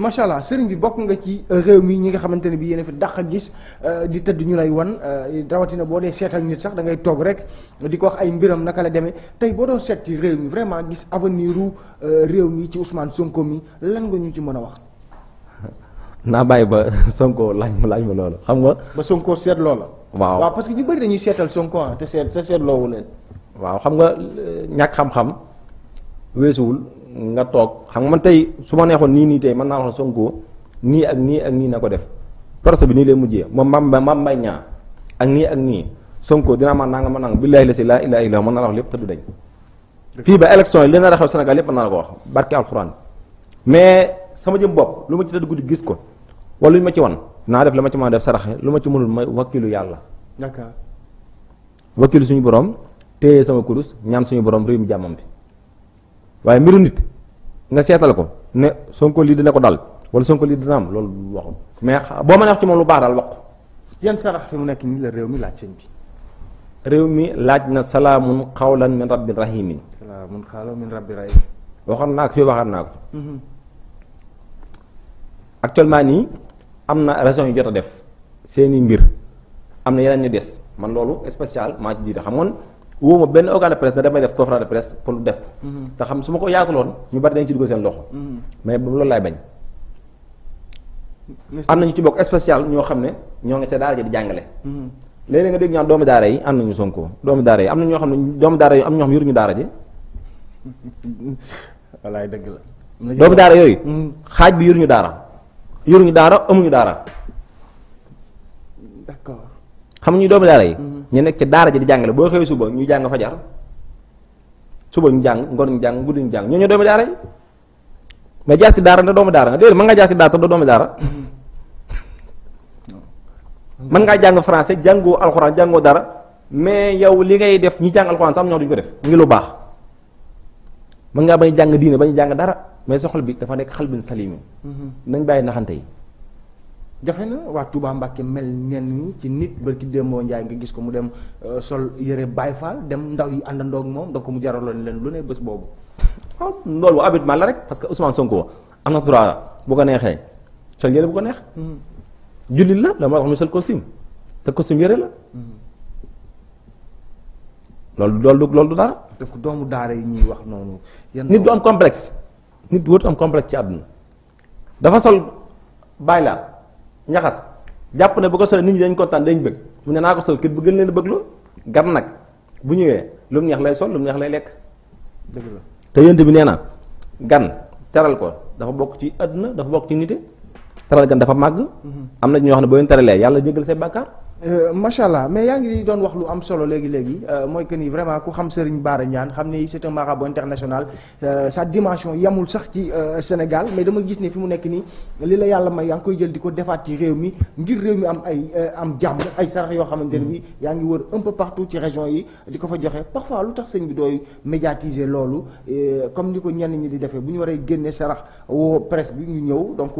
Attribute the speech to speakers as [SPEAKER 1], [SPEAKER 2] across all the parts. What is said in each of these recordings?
[SPEAKER 1] macha allah sëriñ bi bokk nga ci réew mi ñi nga xamante ne bi yéen a fi dàq gis euh, di tëdd ñu lay wan euh, rawatina boo dee seetal nit sax da ngay toog rek di ko wax ay mbiram naka la demee tey boo doon seet ci réew mi vraiment gis avenir u euh, réew mi ci Ousmane Sonko mi lan nga ñu ci mën a
[SPEAKER 2] wax. naa bàyyi ba Sonko laaj ma laaj ma loola xam nga. ba Sonko seet loola. waaw waaw
[SPEAKER 1] parce que ñu bëri dañuy seetal Sonko ah te seet te seetloowu leen.
[SPEAKER 2] waaw xam nga ñàkk xam-xam weesuwul. nga toog xam nga man tey su ma neexoon nii nii tey mën naa wax Sonko nii ak nii ak nii na ko def procès bi nii lay mujjee moom mam mam mbay ñaa ak nii ak nii Sonko dinaa ma nanga ma nang billaahi la si laa ilaaha illallaah mën naa la wax lépp te du dañ fii ba élection yi li na xew Sénégal lépp mën naa la ko wax barke alxuraan mais sama jëm bopp lu ma ci tëdd guddi gis ko wala lu ma ci wan naa def la ma ci mën a def saraxe lu ma ci mënul may wakkilu yàlla d'accord wakkilu suñu borom téye sama kurus ñaan suñu borom réew mi jàmmam bi waaye mbiru nit nga seetal ko ne Sonko lii dina ko dal wala Sonko lii dina am loolu waxum mais boo mënee wax ci moom lu baax daal wax yan sarax fi mu nekk nii la réew mi laaj sëñ bi. réew mi laaj na salaamun xawlan min rabbin rahimin.
[SPEAKER 1] salaamun xawlan min rabbin rahimin.
[SPEAKER 2] waxoon naa ko fii waxaat naa ko. Mm-hmm. actuellement nii am na régions yu jot a def seeni mbir am na yeneen ñu des man loolu spécial ma ci jiite xam ngoon woo ma benn organe de presse ne damay def conférence de presse pour def ko. Mhm. te xam su ma ko yaataloon ñu bari dañ ci dugg seen loxo. Mhm. mais loolu laay bañ. am nañu ci bokk spécial ñoo xam ne ñoo ngi ca daara ja di jàngale. Mhm. léeg-léeg nga dégg ñaan doomu daara yi am nañu Sonko doomu daara yi am na ñoo xam ne doomu daara yi am ñoo xam ne yoruñu daara dëgg la. doomu daara yooyu. xaaj bi yoruñu daara. yoruñu daara amuñu daara. d'accord ñu doomu daara yi. ñu nekk ci daara ji di jàngale boo xëyee suba ñu jàng fajar suba ñu jàng ngoon ñu jàng guddi ñu jàng ñoo ñoo daara yi nga jaar ci daara ne doomu daara nga déedéet nga jaar ci daara te doo ngaa jàng français jàngoo alxuraan jàngoo dara mais yow li ngay def ñi jàng alxuraan sax am ñoo duñ ko def ngi lu baax mën ngaa bañ jàng ba ñu jàng dara mais soxla bi dafa nekk xal xalbin salim mm-hmm. nañ bàyyi naxante yi jafe na waa Touba Mbacke mel ñenn ñi ci nit
[SPEAKER 1] barki démboo Ndiaye nga gis ko mu dem euh, sol yëre Baye Fall dem ndaw yi àndandoo ak moom donc mu
[SPEAKER 2] jaraloon leen lu ne bés boobu. waaw loolu habituellement la rek parce que Ousmane Sonko am na droit bu ko neexee sol yëre bu ko neex. Mm. jullit la la moo tax mu sol costume te costume yëre la. Mm. loolu loolu loolu du dara. donc doomu daara yi ñuy wax noonu. nit du am complexe. nit warut am complexe ci àdduna. dafa sol Baye Laal. ñaxas jàpp ne bu ko solee nit ñi dañ kontaan dañ bëgg mu ne naa ko sol kër bu gën leen a gan nag bu ñëwee lu mu neex lay sol lu mu neex lay lekk. dëgg te yonent bi nee na gan teral ko dafa bokk ci àdduna dafa bokk ci nite teral gan dafa màgg. Mhm. am na ñoo xam ne booy leen teralee yàlla jéggal say bàkkaar
[SPEAKER 1] Euh, macha allah mais yaa ngi doon wax lu am solo léegi léegi euh, mooy que ni vraiment ku xam Serigne Bara Niane xam ne c'est un marabout international euh, sa dimension yamul sax ci Sénégal mais dama gis ne fi mu nekk nii li la yàlla may yaa ngi koy jël di ko defaat ci réew mi ngir réew mi am ay am jàmm ay sarax yoo xamante ne bi yaa ngi wër un peu partout ci région yi di ko fa joxe parfois lu tax sañ bi dooy médiatiser loolu comme ni ko ñenn ñi di defee bu ñu waree génne sarax woo bi ñu ñëw donc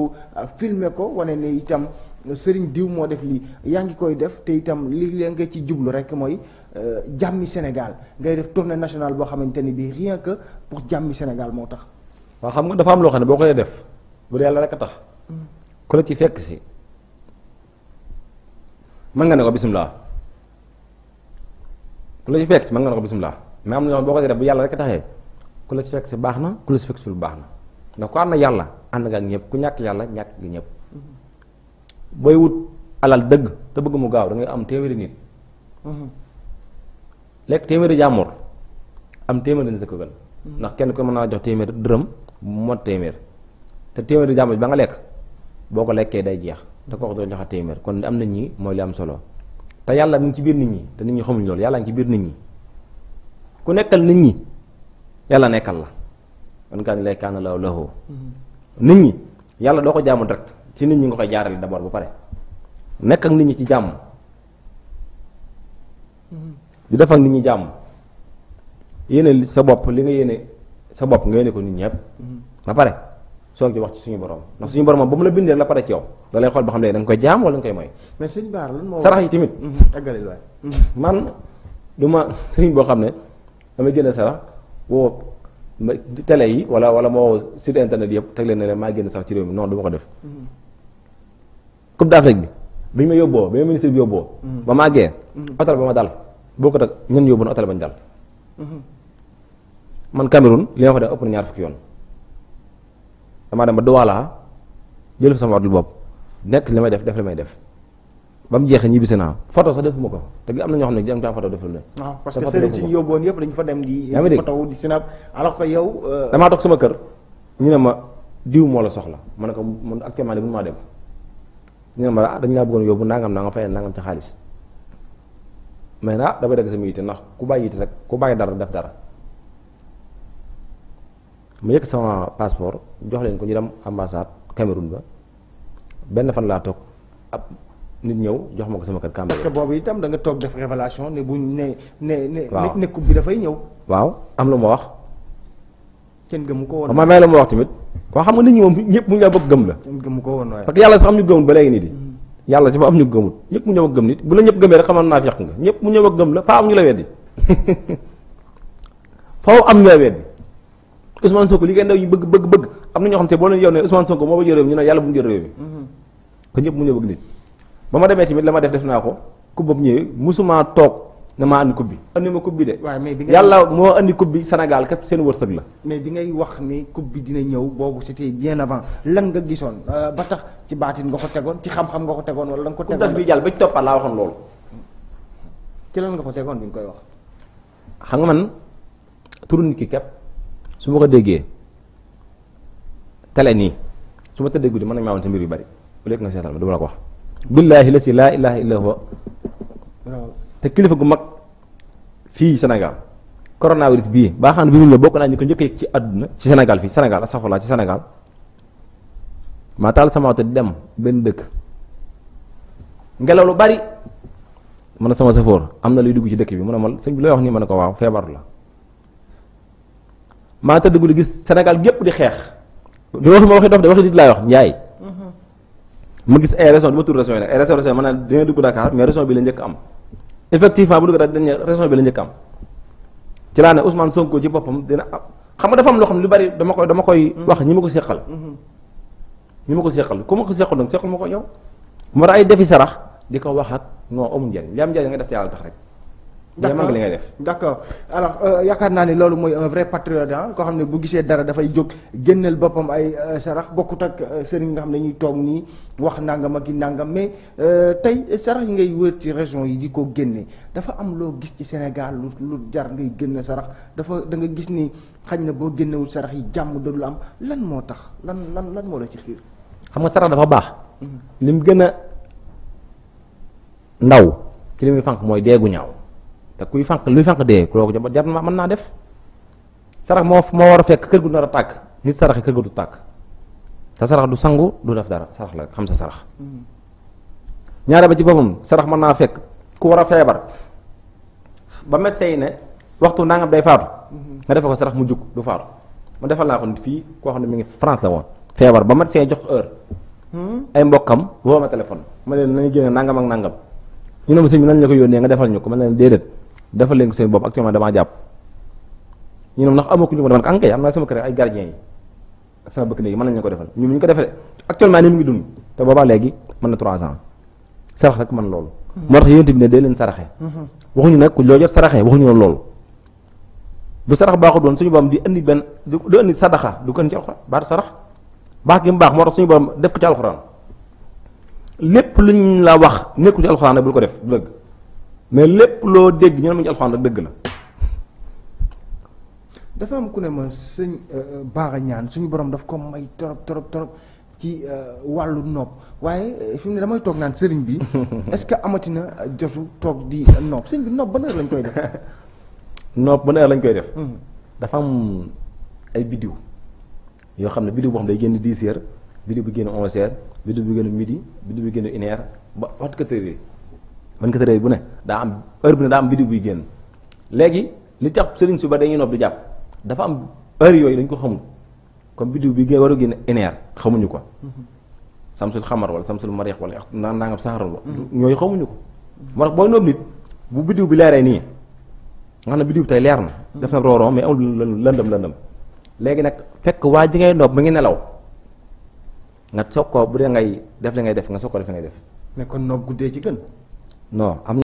[SPEAKER 1] filmer ko wane ne itam. sëriñ diw moo def lii yaa ngi koy def te itam li la nga ci jublu rek mooy euh, jàmmi Sénégal ngay def torne national boo xamante ni bii rien que pour jàmmi Sénégal moo tax.
[SPEAKER 2] waaw xam nga dafa am loo xam ne boo koy def bu dee yàlla rek a tax. ku ci fekk si mën nga ne ko bisimilah ku la ci fekk si mën nga ne ko bisimilah yàlla rek taxee ku la ci fekk si baax na ku la ci fekk si baax na ndax ku ànd na yàlla ànd nga ak ñëpp ku ñàkk yàlla ñàkk nga ñëpp. booy wut alal dëgg te bëgg mu gaaw dangay am téeméeri nit. lekk téeméeri jàmbur am téeméeri nit ko gën. ndax kenn ko mën naa jox téeméer dërëm mu mot téeméer te téeméeri jàmbur ba nga lekk boo ko lekkee day jeex te ko doo joxe téeméer kon am na ñi mooy li am solo te yàlla mu ci biir nit ñi te nit ñi xamuñ loolu yàlla ngi ci biir nit ñi ku nekkal nit ñi yàlla nekkal la man kaan lay la lahu mm-hmm. nit ñi yàlla doo ko jaamu direct ci nit ñi nga koy jaarale d'abord ba pare nekk ak nit ñi ci jàmm di def ak nit ñi jàmm yéene sa bopp li nga yéene sa bopp nga yéene ko nit ñëpp ba pare soog di wax ci suñu borom ndax suñu borom ba mu la bindee la pare ci yow dalay lay xool ba xam léegi da nga koy jaam wala nga koy moy
[SPEAKER 1] mais moo sarax yi
[SPEAKER 2] tamit aggalil mhm, waay mhm. man du ma sëriñ boo xam ne damay génne sarax woo télé yi wala wala moo site internet yëpp teg leen ne leen maa génn sax ci réew mi non du ma ko def mhm. coupe d'Afrique bi bi ñu ma yóbboo bi ma ministre bi yóbboo. Mm. ba màggee. hôtel ba ma dal boo ko tag ñun yóbbu na hôtel ba ñu dal. Mm-hmm. man Cameroun li ma fa def ëpp na ñaar fukki yoon damaa dem ba Douala jël fa sama wàllu bopp nekk li may def def li may def. ba mu jeexee si naa photo sax defuma ko te am na ñoo xam ne jam caa photo deful ne.
[SPEAKER 1] waaw ah, parce que sëriñ si ñu yóbboon yëpp dañu fa dem di. yaa ngi photo di sinap alors yow. Euh, damaa
[SPEAKER 2] toog sama kër ñu ne ma diw moo la soxla ma ne ko man actuellement nii mënu maa dem. ñu ma ah dañu laa bëggoon yóbbu nangam naa nga fayal nangam ci xaalis mais ah dafay dagg sama yitte ndax ku bàyyi yitte rek ku bàyyi dara def dara mu yëkk sama passeport jox leen ko ñu dem ambassade Cameroun ba benn fan laa toog ab nit ñëw jox ma ko sama kër Cameroun. parce
[SPEAKER 1] boobu itam da nga toog def révélation ne bu ne ne. waaw ne coupe bi dafay ñëw.
[SPEAKER 2] waaw am lu ma wax.
[SPEAKER 1] kenn gëmu ko woon ma may la
[SPEAKER 2] ma wax tamit waaw xam nga nit ñi moom ñëpp mu ñu la bëgg gëm la
[SPEAKER 1] kenn ko woon waaye parce que yàlla
[SPEAKER 2] sax am ñu gëmut ba léegi nit yi mm. yàlla si ba am ñu gëmut ñëpp mu ñëw ak gëm nit bu la ñëpp gëmee naa fiq nga ñëpp mu ñëw ak gëm la faa am ñu la weddi faaw am ñu la weddi Ousmane Sonko li ngay ndaw ñu bëgg bëgg bëgg am na ñoo xam te boo leen yow ne Ousmane Sonko moo ba jël réew ñu ne yàlla bu mu jël réew mi mm-hmm. ko ñëpp mu ñëw bëgg nit ba ma demee tamit la ma def def naa ko ku boobu ñëwee musumaa toog na maa andi coupe bi. ma coupe bi de. waaw mais bi yàlla moo andi coupe bi Sénégal képp seen wërsëg la.
[SPEAKER 1] mais bi ngay wax ni coupe bi dina ñëw boobu c'était bien avant lan nga gisoon euh, ba tax ci baatin nga ko tegoon ci xam-xam nga ko tegoon wala la ko tegoon. coupe bi jàll ba ci toppal nga ko tegoon bi nga koy wax.
[SPEAKER 2] xam nga man turu nit ki képp su ma ko déggee tele nii su ma tëddee guddi mën nañu maa woon ci mbir yu bari bu lekk nga seetal la ko wax. la si te kilifa gu mag fii Sénégal coronavirus bii baa xam ne bi mu ñëw bokk naa ñu ko njëkk ci àdduna ci senegal fii Sénégal astaghfirullah ci Sénégal maa taal sama oto di dem benn dëkk ngelaw lu bari mën na sama safoor am na luy dugg ci dëkk bi mu ne ma sëñ bi looy wax nii ma ne ko waaw feebar la maa tëdd guddi gis senegal gépp di xeex bi waxi ma waxi dof de waxi nit laay wax njaay mhm. ma gis ay raison du ma tur raison yi nag ay raison bi la njëkk am effectivement bu dugg daal dañu raison bi la njëkk am ci laa ne Ousmane Sonko ci boppam dina am xam ma dafa am loo xam lu bari dama koy dama koy mm-hmm. wax ñi ma ko seqal. Mm-hmm. ñi ma ko seqal ku ma ko seqal nag seqal ma ko yow. moo tax ay defi sarax di ko wax ak non amul njëriñ li am njëriñ nga def ci yàlla tax rek. d' accord li ngay def
[SPEAKER 1] d' accord alors euh, yaakaar naa ne loolu mooy un vrai patriote ah koo xam ne bu gisee dara dafay jóg génneel boppam ay euh, sarax bokkut ak euh, sëriñ nga xam ne ñuy toog nii wax nangam ak i nàngam mais tey sarax yi ngay wër ci région yi di ko génne dafa am loo gis ci Sénégal lu lu jar ngay génn sarax dafa da nga gis ni xañ na boo génnewul sarax yi jàmm dadul am lan moo tax lan lan lan moo la ci xiir.
[SPEAKER 2] xam nga sarax dafa baax. lim gën a ndaw ci li muy fànq mooy deegu ñaaw. te kuy fànq luy fànq dee kooku jar na mën naa def sarax moo moo war a fekk kër gu nar a tàkk nit sarax kër gu du tàkk te sarax du sangu du def dara sarax la xam sa sarax. ñaare ba ci boppam sarax man naa fekk ku war a feebar ba médecin yi ne waxtu nangam day faatu. nga defe ko sarax mu jug du faatu ma defal naa ko nit fii koo xam ne mu ngi France la woon. feebar ba médecin jox heure. ay mbokkam woo ma téléphone. ma leen nañu génne nangam ak nangam ñu ne ma sëñ bi nañ la defal ñu ko ma leen déedéet. defal leen ko seen bopp actuellement damaa jàpp ñu ne ndax amoo ko ñu ko defal man kay am naa sama kër ay gardien yi ak sama bëkk néeg yi mën nañu ko defal ñu ñu ko defee actuellement ni mu ngi dund te boobaa léegi mën na 3 ans sarax rek mën loolu. Hmm. moo tax yéen bi ne dee leen saraxe. Hmm. waxuñu nag ku loo jot saraxe waxuñu la loolu. bu sarax baaxu doon suñu borom di indi benn du indi sadaxa du ko indi ci alxuraan baatu sarax baax gi mu baax moo tax suñu borom def wax nekkul ci alxuraan bul ko def mais lépp loo dégg ñu ne ma ci rek dëgg la.
[SPEAKER 1] dafa am ku ne ma sëñ euh, euh, Bara Niane suñu borom daf ko may torop torop torop ci euh, wàllu nopp waaye fi mu ne damay toog naan sëriñ bi. est-ce que amatina jotu toog di nopp sëriñ bi nopp ban heure lañ koy def.
[SPEAKER 2] nopp ban heure lañ koy def. Hmm. dafa am ay biddiw yoo xam ne biddiw boo xam day génn dix heures biddiw bi génn onze heures biddiw bi génn midi biddiw bi génn une ba waxtu quatre heures 24 heures bu ne daa am heure bu ne daa am vidéo buy génn léegi li tax sëriñ suba dañuy nopp du jàpp dafa am heure yooyu dañ ko xamul comme vidéo bi war a génn une xamuñu ko. samsul xamar wala samsul mariix wala naan nangam saxaroon la. ñooyu xamuñu ko. moo tax booy nopp nit bu vidéo bi leeree nii nga xam ne vidéo bi tey leer na. def na rooroon mais amul lëndëm lëndëm. léegi nag fekk waa ji ngay nopp mi ngi nelaw nga soog ko bu dee ngay def li ngay def nga soog ko def li ngay def.
[SPEAKER 1] mais kon nopp guddee ci gën.
[SPEAKER 2] non am